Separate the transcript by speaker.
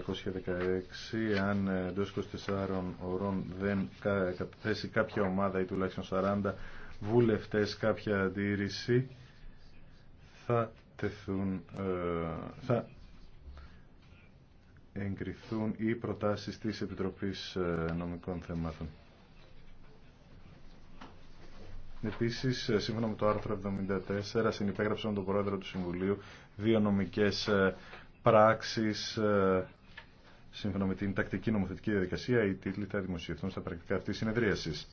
Speaker 1: 216 αν εντό 24 ωρών δεν θέσει κάποια ομάδα ή τουλάχιστον 40 βουλευτές κάποια αντίρρηση θα τεθούν ε, θα εγκριθούν οι προτάσεις της Επιτροπής ε, Νομικών Θεμάτων. Επίση, ε, σύμφωνα με το άρθρο 74, συνυπέγραψαν τον Πρόεδρο του Συμβουλίου δύο νομικές πράξεις Σύμφωνα με την τακτική νομοθετική διαδικασία, οι τίτλοι θα δημοσιευθούν στα πρακτικά αυτής συνεδρίασης.